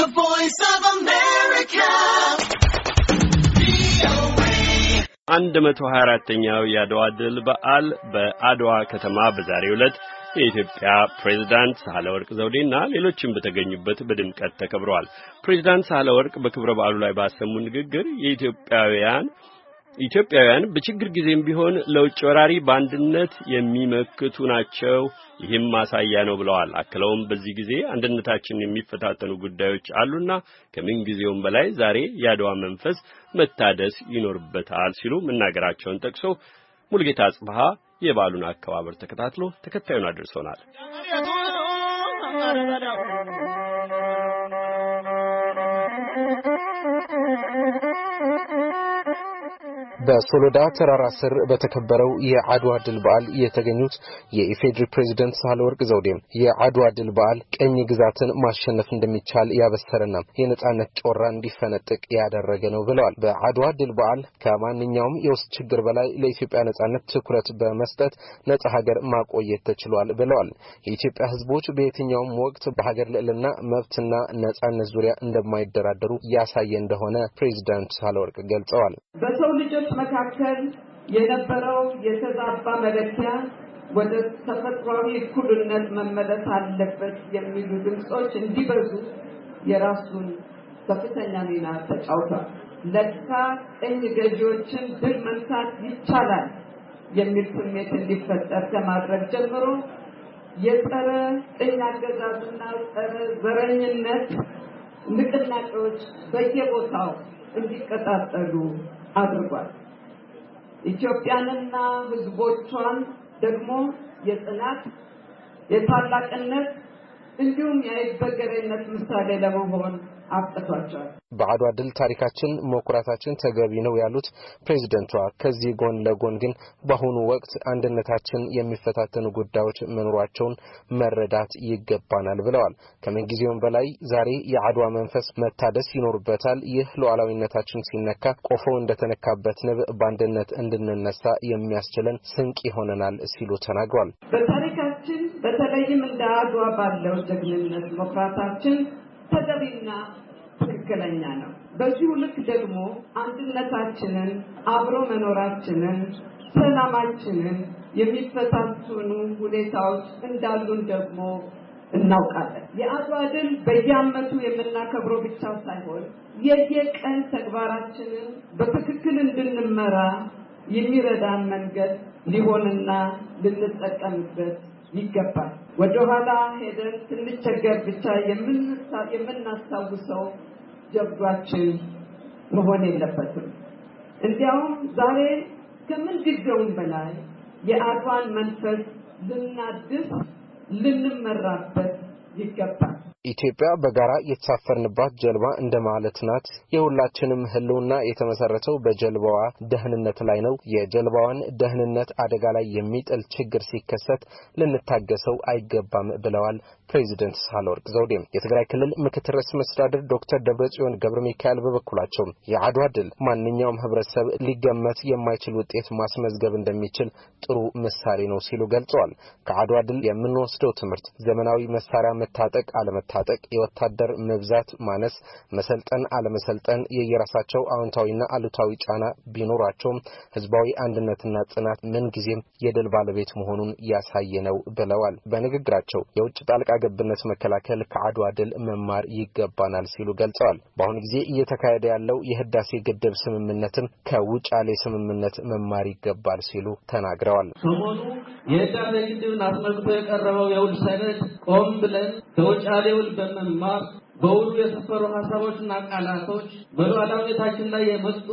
The Voice of America. አንድ መቶ ሀያ አራተኛው የአድዋ ድል በዓል በአድዋ ከተማ በዛሬው ዕለት የኢትዮጵያ ፕሬዝዳንት ሳህለ ወርቅ ዘውዴና ሌሎችም በተገኙበት በድምቀት ተከብረዋል። ፕሬዝዳንት ሳህለ ወርቅ በክብረ በዓሉ ላይ ባሰሙ ንግግር የኢትዮጵያውያን ኢትዮጵያውያን በችግር ጊዜም ቢሆን ለውጭ ወራሪ በአንድነት የሚመክቱ ናቸው፣ ይህም ማሳያ ነው ብለዋል። አክለውም በዚህ ጊዜ አንድነታችንን የሚፈታተኑ ጉዳዮች አሉና ጊዜውም በላይ ዛሬ የአድዋ መንፈስ መታደስ ይኖርበታል ሲሉ መናገራቸውን ጠቅሶ ሙልጌታ አጽብሃ የበዓሉን አከባበር ተከታትሎ ተከታዩን አድርሶናል። በሶሎዳ ተራራ ስር በተከበረው የአድዋ ድል በዓል የተገኙት የኢፌድሪ ፕሬዚደንት ሳህለወርቅ ዘውዴ የአድዋ ድል በዓል ቀኝ ግዛትን ማሸነፍ እንደሚቻል ያበሰረና የነጻነት ጮራ እንዲፈነጥቅ ያደረገ ነው ብለዋል። በአድዋ ድል በዓል ከማንኛውም የውስጥ ችግር በላይ ለኢትዮጵያ ነጻነት ትኩረት በመስጠት ነጻ ሀገር ማቆየት ተችሏል ብለዋል። የኢትዮጵያ ሕዝቦች በየትኛውም ወቅት በሀገር ልዕልና መብትና ነጻነት ዙሪያ እንደማይደራደሩ ያሳየ እንደሆነ ፕሬዚዳንት ሳህለወርቅ ገልጸዋል። በሰዎች መካከል የነበረው የተዛባ መለኪያ ወደ ተፈጥሯዊ እኩልነት መመለስ አለበት የሚሉ ድምፆች እንዲበዙ የራሱን ከፍተኛ ሚና ተጫውቷል። ለካ ቅኝ ገዢዎችን ድል መንሳት ይቻላል የሚል ስሜት እንዲፈጠር ከማድረግ ጀምሮ የጸረ ቅኝ አገዛዝና ጸረ ዘረኝነት ንቅናቄዎች በየቦታው እንዲቀጣጠሉ አድርጓል። ኢትዮጵያንና ህዝቦቿን ደግሞ የጽናት የታላቅነት እንዲሁም የአይበገሬነት ምሳሌ ለመሆን አብቅቷቸዋል። በአድዋ ድል ታሪካችን መኩራታችን ተገቢ ነው ያሉት ፕሬዚደንቷ፣ ከዚህ ጎን ለጎን ግን በአሁኑ ወቅት አንድነታችን የሚፈታተኑ ጉዳዮች መኖራቸውን መረዳት ይገባናል ብለዋል። ከምንጊዜውም በላይ ዛሬ የአድዋ መንፈስ መታደስ ይኖርበታል። ይህ ሉዓላዊነታችን ሲነካ ቆፎ እንደተነካበት ንብ በአንድነት እንድንነሳ የሚያስችለን ስንቅ ይሆነናል ሲሉ ተናግሯል። በታሪካችን በተለይም እንደ አድዋ ባለው ጀግንነት መኩራታችን ተገቢና ትክክለኛ ነው። በዚሁ ልክ ደግሞ አንድነታችንን፣ አብሮ መኖራችንን፣ ሰላማችንን የሚፈታትኑ ሁኔታዎች እንዳሉን ደግሞ እናውቃለን። የአድዋ ድል በየዓመቱ የምናከብረው ብቻ ሳይሆን የየቀን ተግባራችንን በትክክል እንድንመራ የሚረዳን መንገድ ሊሆንና ልንጠቀምበት ይገባል። ወደ ኋላ ሄደን ስንቸገር ብቻ የምናስታውሰው ጀብዷችን መሆን የለበትም። እንዲያውም ዛሬ ከምንጊዜውም በላይ የአድዋን መንፈስ ልናድስ ልንመራበት ይገባል። ኢትዮጵያ በጋራ የተሳፈርንባት ጀልባ እንደማለት ናት። የሁላችንም ሕልውና የተመሰረተው በጀልባዋ ደህንነት ላይ ነው። የጀልባዋን ደህንነት አደጋ ላይ የሚጥል ችግር ሲከሰት ልንታገሰው አይገባም ብለዋል ፕሬዚደንት ሳህለወርቅ ዘውዴም። የትግራይ ክልል ምክትል ርዕሰ መስተዳድር ዶክተር ደብረጽዮን ገብረ ሚካኤል በበኩላቸው የአድዋ ድል ማንኛውም ህብረተሰብ ሊገመት የማይችል ውጤት ማስመዝገብ እንደሚችል ጥሩ ምሳሌ ነው ሲሉ ገልጸዋል። ከአድዋ ድል የምንወስደው ትምህርት ዘመናዊ መሳሪያ መታጠቅ አለመ መታጠቅ፣ የወታደር መብዛት ማነስ፣ መሰልጠን አለመሰልጠን የየራሳቸው አዎንታዊና አሉታዊ ጫና ቢኖራቸውም ህዝባዊ አንድነትና ጽናት ምንጊዜም የድል ባለቤት መሆኑን ያሳየ ነው ብለዋል። በንግግራቸው የውጭ ጣልቃ ገብነት መከላከል ከአድዋ ድል መማር ይገባናል ሲሉ ገልጸዋል። በአሁኑ ጊዜ እየተካሄደ ያለው የህዳሴ ግድብ ስምምነትም ከውጫሌ ስምምነት መማር ይገባል ሲሉ ተናግረዋል። ሰሞኑ የዕዳን ንግድን አስመልክቶ የቀረበው የውል ሰነድ ቆም ብለን ከውጫሌ ውል በመማር በውሉ የሰፈሩ ሀሳቦችና ቃላቶች በሉዓላዊነታችን ላይ የመጡ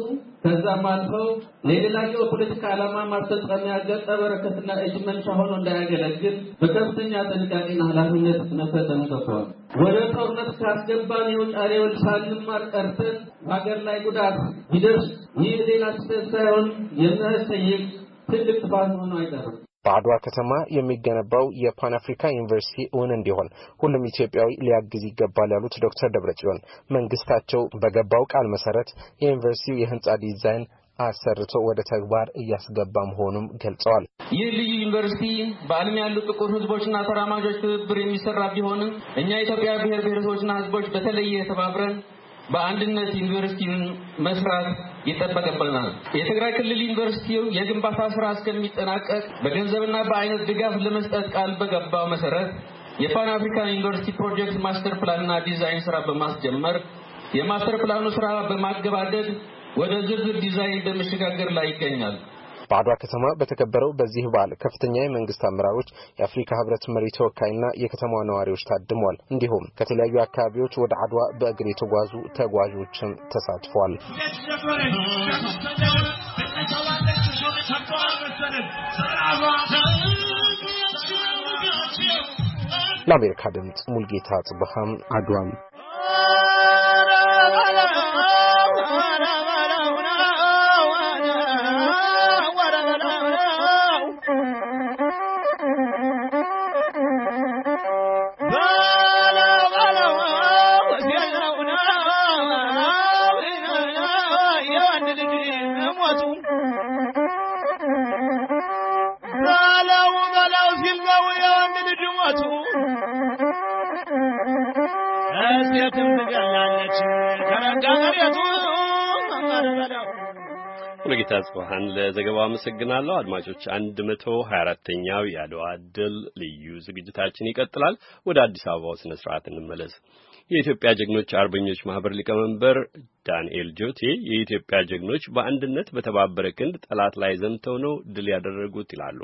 ከዛም አልፈው ለሌላቸው ፖለቲካ ዓላማ ማስፈጸሚያ ገጸ በረከትና እጅ መንሻ ሆኖ እንዳያገለግል በከፍተኛ ጥንቃቄና ኃላፊነት መፈጸም ይገባዋል። ወደ ጦርነት ካስገባን የውጫሌ ውል ሳንማር ቀርተን በሀገር ላይ ጉዳት ቢደርስ ይህ ሌላ ስህተት ሳይሆን የሚያስጠይቅ ትልቅ ጥፋት መሆኑ አይቀርም። በአድዋ ከተማ የሚገነባው የፓን አፍሪካ ዩኒቨርሲቲ እውን እንዲሆን ሁሉም ኢትዮጵያዊ ሊያግዝ ይገባል ያሉት ዶክተር ደብረጽዮን መንግስታቸው በገባው ቃል መሰረት የዩኒቨርሲቲው የህንፃ ዲዛይን አሰርቶ ወደ ተግባር እያስገባ መሆኑም ገልጸዋል። ይህ ልዩ ዩኒቨርሲቲ በዓለም ያሉ ጥቁር ህዝቦችና ተራማጆች ትብብር የሚሰራ ቢሆንም እኛ ኢትዮጵያ ብሔር ብሔረሰቦችና ህዝቦች በተለየ ተባብረን በአንድነት ዩኒቨርሲቲን መስራት ይጠበቅብናል። የትግራይ ክልል ዩኒቨርሲቲው የግንባታ ስራ እስከሚጠናቀቅ በገንዘብና በአይነት ድጋፍ ለመስጠት ቃል በገባው መሰረት የፓን አፍሪካን ዩኒቨርሲቲ ፕሮጀክት ማስተር ፕላንና ዲዛይን ስራ በማስጀመር የማስተር ፕላኑ ስራ በማገባደድ ወደ ዝርዝር ዲዛይን በመሸጋገር ላይ ይገኛል። በአድዋ ከተማ በተከበረው በዚህ በዓል ከፍተኛ የመንግስት አመራሮች፣ የአፍሪካ ህብረት መሪ ተወካይና የከተማ ነዋሪዎች ታድሟል። እንዲሁም ከተለያዩ አካባቢዎች ወደ አድዋ በእግር የተጓዙ ተጓዦችም ተሳትፏል። ለአሜሪካ ድምፅ ሙልጌታ ጽብሃም አድዋም የትም ትገኛለች ሙሉጌታ ጽብሃን ለዘገባው አመሰግናለሁ። አድማጮች 124ኛው የአድዋ ድል ልዩ ዝግጅታችን ይቀጥላል። ወደ አዲስ አበባው ስነ ስርዓት እንመለስ። የኢትዮጵያ ጀግኖች አርበኞች ማህበር ሊቀመንበር ዳንኤል ጆቴ የኢትዮጵያ ጀግኖች በአንድነት በተባበረ ክንድ ጠላት ላይ ዘምተው ነው ድል ያደረጉት ይላሉ።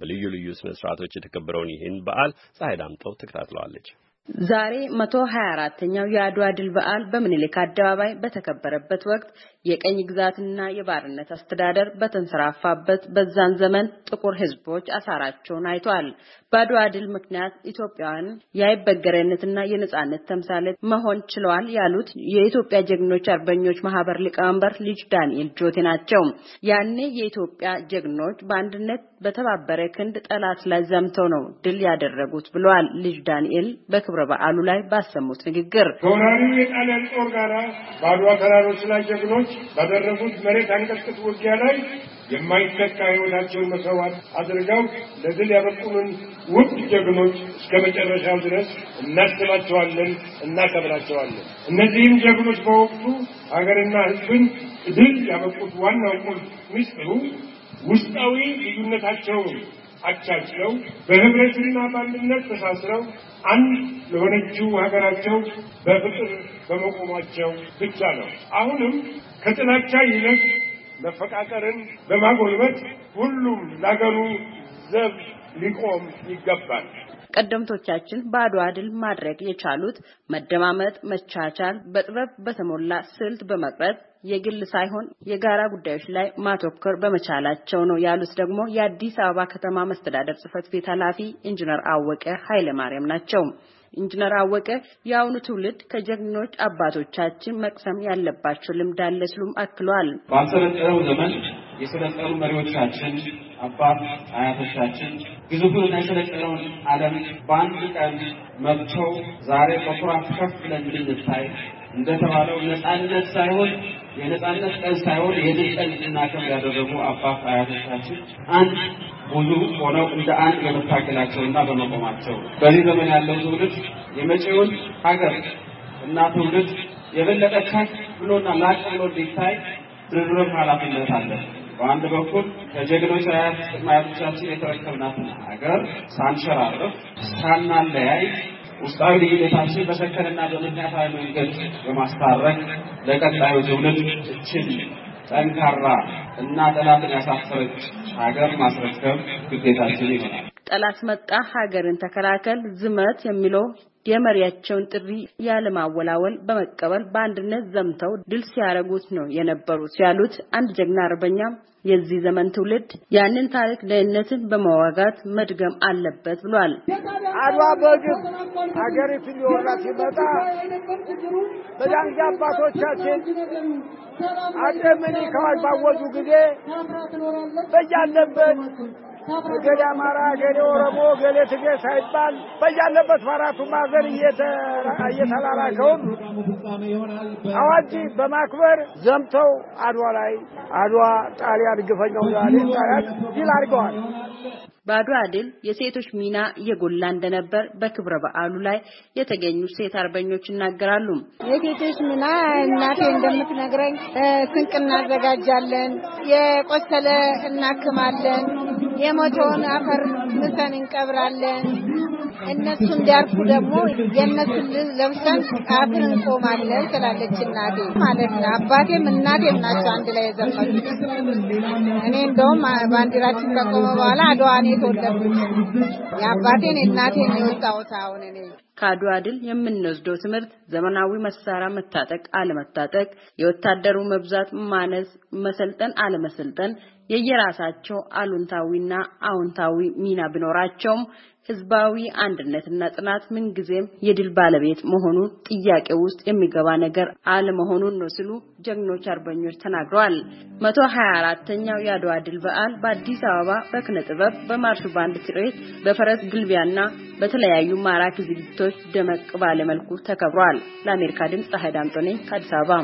በልዩ ልዩ ስነ ስርዓቶች የተከበረውን ይህን በዓል ፀሐይ ዳምጠው ተከታትለዋለች። ዛሬ 124ኛው የአድዋ ድል በዓል በምኒልክ አደባባይ በተከበረበት ወቅት የቀኝ ግዛትና የባርነት አስተዳደር በተንሰራፋበት በዛን ዘመን ጥቁር ሕዝቦች አሳራቸውን አይቷል። በአድዋ ድል ምክንያት ኢትዮጵያውያን የአይበገሬነትና የነጻነት ተምሳሌት መሆን ችለዋል ያሉት የኢትዮጵያ ጀግኖች አርበኞች ማህበር ሊቀመንበር ልጅ ዳንኤል ጆቴ ናቸው። ያኔ የኢትዮጵያ ጀግኖች በአንድነት በተባበረ ክንድ ጠላት ላይ ዘምተው ነው ድል ያደረጉት ብለዋል። ልጅ ዳንኤል በክብረ በዓሉ ላይ ባሰሙት ንግግር ከወራሪው የጣሊያን ጦር ጋር በአድዋ ተራሮች ላይ ጀግኖች ባደረጉት መሬት አንቀጥቅጥ ውጊያ ላይ የማይተካ ሕይወታቸውን መሰዋት አድርገው ለድል ያበቁንን ውድ ጀግኖች እስከ መጨረሻው ድረስ እናስባቸዋለን፣ እናከብራቸዋለን። እነዚህም ጀግኖች በወቅቱ ሀገርና ህዝብን ድል ያበቁት ዋናው ቁልፍ ሚስጥሩ ውስጣዊ ልዩነታቸውን አቻችለው በህብረትና ባንድነት ተሳስረው አንድ ለሆነችው ሀገራቸው በፍቅር በመቆማቸው ብቻ ነው። አሁንም ከጥላቻ ይልቅ መፈቃቀርን በማጎልበት ሁሉም ለአገሩ ዘብ ሊቆም ይገባል። ቀደምቶቻችን በአድዋ ድል ማድረግ የቻሉት መደማመጥ፣ መቻቻል በጥበብ በተሞላ ስልት በመቅረጽ የግል ሳይሆን የጋራ ጉዳዮች ላይ ማተኮር በመቻላቸው ነው ያሉት ደግሞ የአዲስ አበባ ከተማ መስተዳደር ጽፈት ቤት ኃላፊ ኢንጂነር አወቀ ኃይለማርያም ናቸው። ኢንጂነር አወቀ የአሁኑ ትውልድ ከጀግኖች አባቶቻችን መቅሰም ያለባቸው ልምድ አለ ሲሉም አክሏል። ባልሰለጠነው ዘመን የሰለጠኑ መሪዎቻችን አባት አያቶቻችን ግዙፉንና የሰለጠነውን ዓለም በአንድ ቀን መጥተው ዛሬ በኩራት ከፍ ብለን እንድንታይ እንደተባለው ነፃነት ሳይሆን የነጻነት ቀን ሳይሆን የድል ቀን ያደረጉ አባት አያቶቻችን አንድ ብዙ ሆነው እንደ አንድ በመታገላቸውና በመቆማቸው በዚህ ዘመን ያለው ትውልድ የመጪውን ሀገር እና ትውልድ የበለጠ ከፍ ብሎና ላቅ ብሎ እንዲታይ ድርብርብ ኃላፊነት አለ። በአንድ በኩል ከጀግኖች አያቶቻችን የተረከብናትን ሀገር ሳንሸራርፍ ሳናለያይ ውስጣዊ ልዩነታችን በሰከንና በምክንያታዊ መንገድ በማስታረቅ ለቀጣዩ ትውልድ እችን ጠንካራ እና ጠላትን ያሳፈረች ሀገር ማስረከብ ግዴታችን ይሆናል። ጠላት መጣ ሀገርን ተከላከል ዝመት የሚለው የመሪያቸውን ጥሪ ያለማወላወል በመቀበል በአንድነት ዘምተው ድል ሲያደርጉት ነው የነበሩት ያሉት አንድ ጀግና አርበኛ የዚህ ዘመን ትውልድ ያንን ታሪክ ደህንነትን በመዋጋት መድገም አለበት ብሏል። አድዋ በግብ ሀገሪቱ ሊወራ ሲመጣ በዛን ጊዜ አባቶቻችን አጤ ምኒልክ ባወጁ ጊዜ በያለበት እገሌ አማራ፣ እገሌ ኦሮሞ፣ እገሌ ትግሬ ሳይባል በያለበት በአራቱ ማዕዘን እየተላላከውን አዋጅ በማክበር ዘምተው አድዋ ላይ አድዋ ጣሊያ ግፈኛው ዛሬ ታያት ይል አድርገዋል። ባድዋ ድል የሴቶች ሚና እየጎላ እንደነበር በክብረ በዓሉ ላይ የተገኙ ሴት አርበኞች ይናገራሉ። የሴቶች ሚና እናቴ እንደምትነግረኝ ስንቅ እናዘጋጃለን፣ የቆሰለ እናክማለን የሞተውን አፈር ምሰን እንቀብራለን። እነሱ እንዲያርፉ ደግሞ የእነሱን ለብሰን አብር እንቆማለን ትላለች እናቴ ማለት ነው። አባቴም እናቴም ናቸው አንድ ላይ የዘመኑት። እኔ እንደውም ባንዲራችን ከቆመ በኋላ አድዋ ነው የተወለድኩት። የአባቴን የእናቴን የወጣሁት አሁን እኔ ከአድዋ ድል የምንወስደው ትምህርት ዘመናዊ መሳሪያ መታጠቅ አለመታጠቅ፣ የወታደሩ መብዛት ማነስ፣ መሰልጠን አለመሰልጠን የየራሳቸው አሉንታዊና አዎንታዊ ሚና ቢኖራቸውም ህዝባዊ አንድነትና ምን ምንጊዜም የድል ባለቤት መሆኑን ጥያቄ ውስጥ የሚገባ ነገር አለመሆኑን ነው ሲሉ ጀግኖች አርበኞች ተናግረዋል። 124ኛው የአድዋ ድል በዓል በአዲስ አበባ በክነ ጥበብ፣ በማርሽ ባንድ ትርኢት፣ በፈረስ ግልቢያና በተለያዩ ማራኪ ዝግጅቶች ደመቅ ባለ መልኩ ተከብሯል። ለአሜሪካ ድምፅ ፀሐይ ዳምጦ ነኝ ከአዲስ አበባ።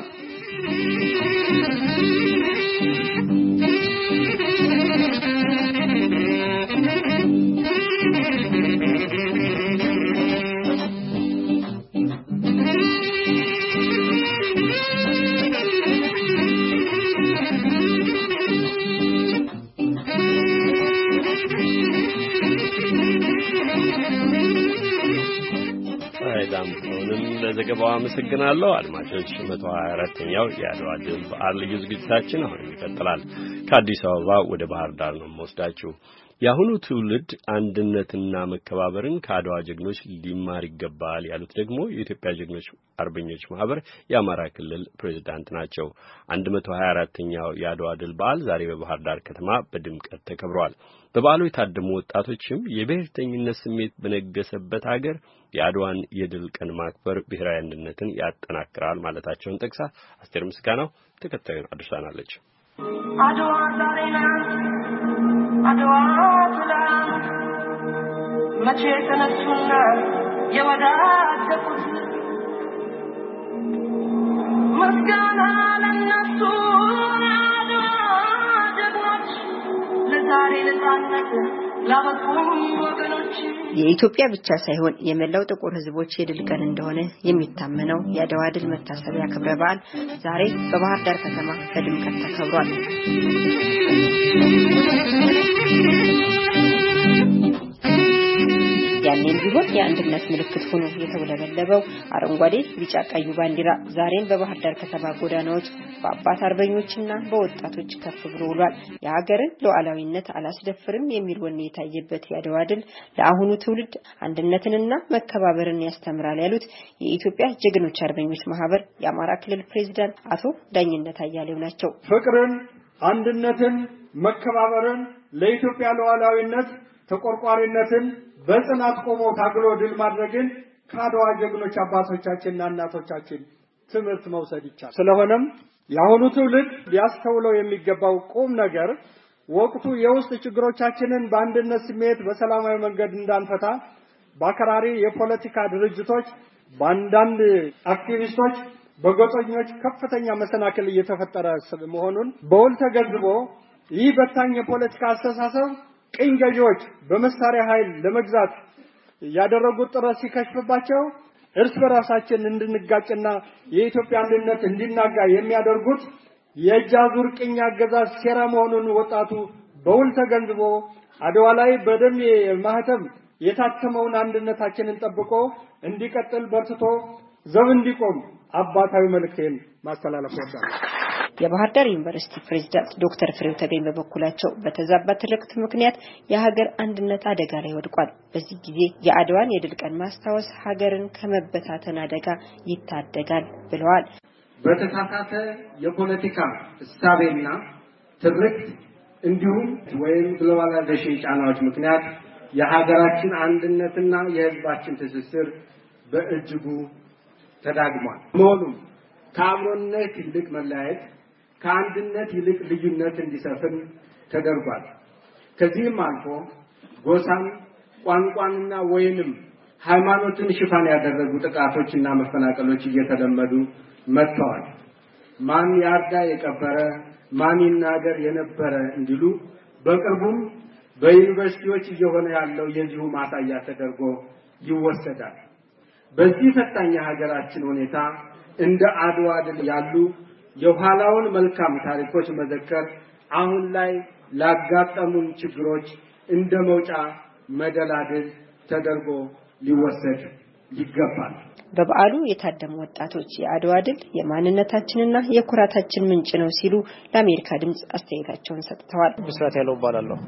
ለዘገባው አመሰግናለሁ። አድማጮች፣ 124ኛው የአድዋ ድል በዓል ልዩ ዝግጅታችን አሁንም ይቀጥላል። ከአዲስ አበባ ወደ ባህር ዳር ነው የምወስዳችሁ። የአሁኑ ትውልድ አንድነትና መከባበርን ከአድዋ ጀግኖች ሊማር ይገባል ያሉት ደግሞ የኢትዮጵያ ጀግኖች አርበኞች ማህበር የአማራ ክልል ፕሬዚዳንት ናቸው። 124ኛው የአድዋ ድል በዓል ዛሬ በባህር ዳር ከተማ በድምቀት ተከብሯል። በበዓሉ የታደሙ ወጣቶችም የብሔርተኝነት ስሜት በነገሰበት አገር የአድዋን የድል ቀን ማክበር ብሔራዊ አንድነትን ያጠናክራል ማለታቸውን ጠቅሳ አስቴር ምስጋናው ተከታዩን አድርሳናለች። አድዋ ዛሬ አድዋ ትላንት መቼ የተነሱና የወዳደቁት ምስጋና የኢትዮጵያ ብቻ ሳይሆን የመላው ጥቁር ሕዝቦች የድል ቀን እንደሆነ የሚታመነው የአድዋ ድል መታሰቢያ ክብረ በዓል ዛሬ በባህር ዳር ከተማ በድምቀት ተከብሯል። ያኔም ቢሆን የአንድነት ምልክት ሆኖ የተውለበለበው አረንጓዴ፣ ቢጫ፣ ቀዩ ባንዲራ ዛሬም በባህር ዳር ከተማ ጎዳናዎች በአባት አርበኞችና በወጣቶች ከፍ ብሎ ውሏል። የሀገርን ሉዓላዊነት አላስደፍርም የሚል ወኔ የታየበት ያደዋ ድል ለአሁኑ ትውልድ አንድነትንና መከባበርን ያስተምራል ያሉት የኢትዮጵያ ጀግኖች አርበኞች ማህበር የአማራ ክልል ፕሬዚዳንት አቶ ዳኝነት አያሌው ናቸው። ፍቅርን፣ አንድነትን፣ መከባበርን ለኢትዮጵያ ሉዓላዊነት ተቆርቋሪነትን በጽናት ቆሞ ታግሎ ድል ማድረግን ከአድዋ ጀግኖች አባቶቻችንና እናቶቻችን ትምህርት መውሰድ ይቻላል። ስለሆነም የአሁኑ ትውልድ ሊያስተውለው የሚገባው ቁም ነገር ወቅቱ የውስጥ ችግሮቻችንን በአንድነት ስሜት በሰላማዊ መንገድ እንዳንፈታ በአከራሪ የፖለቲካ ድርጅቶች፣ በአንዳንድ አክቲቪስቶች፣ በጎጠኞች ከፍተኛ መሰናክል እየተፈጠረ መሆኑን በውል ተገንዝቦ ይህ በታኝ የፖለቲካ አስተሳሰብ ቅኝ ገዢዎች በመሳሪያ ኃይል ለመግዛት ያደረጉት ጥረት ሲከሽፍባቸው እርስ በራሳችን እንድንጋጭና የኢትዮጵያ አንድነት እንዲናጋ የሚያደርጉት የእጅ አዙር ቅኝ አገዛዝ ሴራ መሆኑን ወጣቱ በውል ተገንዝቦ አድዋ ላይ በደም ማህተም የታተመውን አንድነታችንን ጠብቆ እንዲቀጥል በርትቶ ዘብ እንዲቆም አባታዊ መልእክቴን ማስተላለፍ ወዳለሁ። የባህር ዳር ዩኒቨርሲቲ ፕሬዝዳንት ዶክተር ፍሬው ተገኝ በበኩላቸው በተዛባ ትርክት ምክንያት የሀገር አንድነት አደጋ ላይ ወድቋል። በዚህ ጊዜ የአድዋን የድል ቀን ማስታወስ ሀገርን ከመበታተን አደጋ ይታደጋል ብለዋል። በተሳሳተ የፖለቲካ እሳቤና ትርክት እንዲሁም ወይም ግሎባላይዜሽን ጫናዎች ምክንያት የሀገራችን አንድነትና የሕዝባችን ትስስር በእጅጉ ተዳግሟል። መሆኑም ከአብሮነት ይልቅ መለያየት ከአንድነት ይልቅ ልዩነት እንዲሰፍን ተደርጓል። ከዚህም አልፎ ጎሳን፣ ቋንቋንና ወይንም ሃይማኖትን ሽፋን ያደረጉ ጥቃቶችና መፈናቀሎች እየተለመዱ መጥተዋል። ማን ያርዳ የቀበረ ማን ይናገር የነበረ እንዲሉ በቅርቡም በዩኒቨርሲቲዎች እየሆነ ያለው የዚሁ ማሳያ ተደርጎ ይወሰዳል። በዚህ ፈታኝ ሀገራችን ሁኔታ እንደ አድዋ ድል ያሉ የኋላውን መልካም ታሪኮች መዘከር አሁን ላይ ላጋጠሙን ችግሮች እንደ መውጫ መደላድል ተደርጎ ሊወሰድ ይገባል። በበዓሉ የታደሙ ወጣቶች የአድዋ ድል የማንነታችንና የኩራታችን ምንጭ ነው ሲሉ ለአሜሪካ ድምፅ አስተያየታቸውን ሰጥተዋል። ብስራት ያለው እባላለሁ።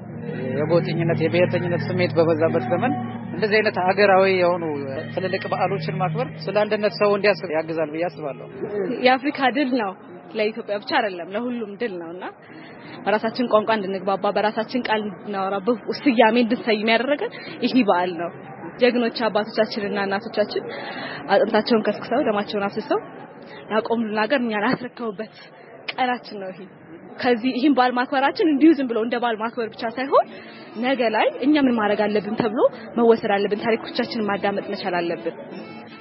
የጎጠኝነት የብሔርተኝነት ስሜት በበዛበት ዘመን እንደዚህ አይነት ሀገራዊ የሆኑ ትልልቅ በዓሎችን ማክበር ስለ አንድነት ሰው እንዲያስብ ያግዛል ብዬ አስባለሁ። የአፍሪካ ድል ነው ለኢትዮጵያ ብቻ አይደለም ለሁሉም ድል ነውና በራሳችን ቋንቋ እንድንግባባ በራሳችን ቃል እንድናወራ ስያሜ እንድንሰይም ያደረገን ይህ በዓል ነው። ጀግኖች አባቶቻችንና እናቶቻችን አጥንታቸውን ከስክሰው ደማቸውን አፍስሰው ያቆሙልን ሀገር እኛን ቀናችን ነው ይሄ። ከዚህ ይህን ባል ማክበራችን እንዲሁ ዝም ብሎ እንደ ባል ማክበር ብቻ ሳይሆን ነገ ላይ እኛ ምን ማድረግ አለብን ተብሎ መወሰድ አለብን። ታሪኮቻችንን ማዳመጥ መቻል አለብን።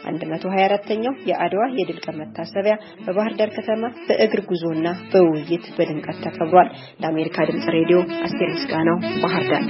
124ኛው የአድዋ የድል ቀን መታሰቢያ በባህር ዳር ከተማ በእግር ጉዞና በውይይት በድምቀት ተከብሯል። ለአሜሪካ ድምጽ ሬዲዮ አስቴር ምስጋናው ባህር ዳር።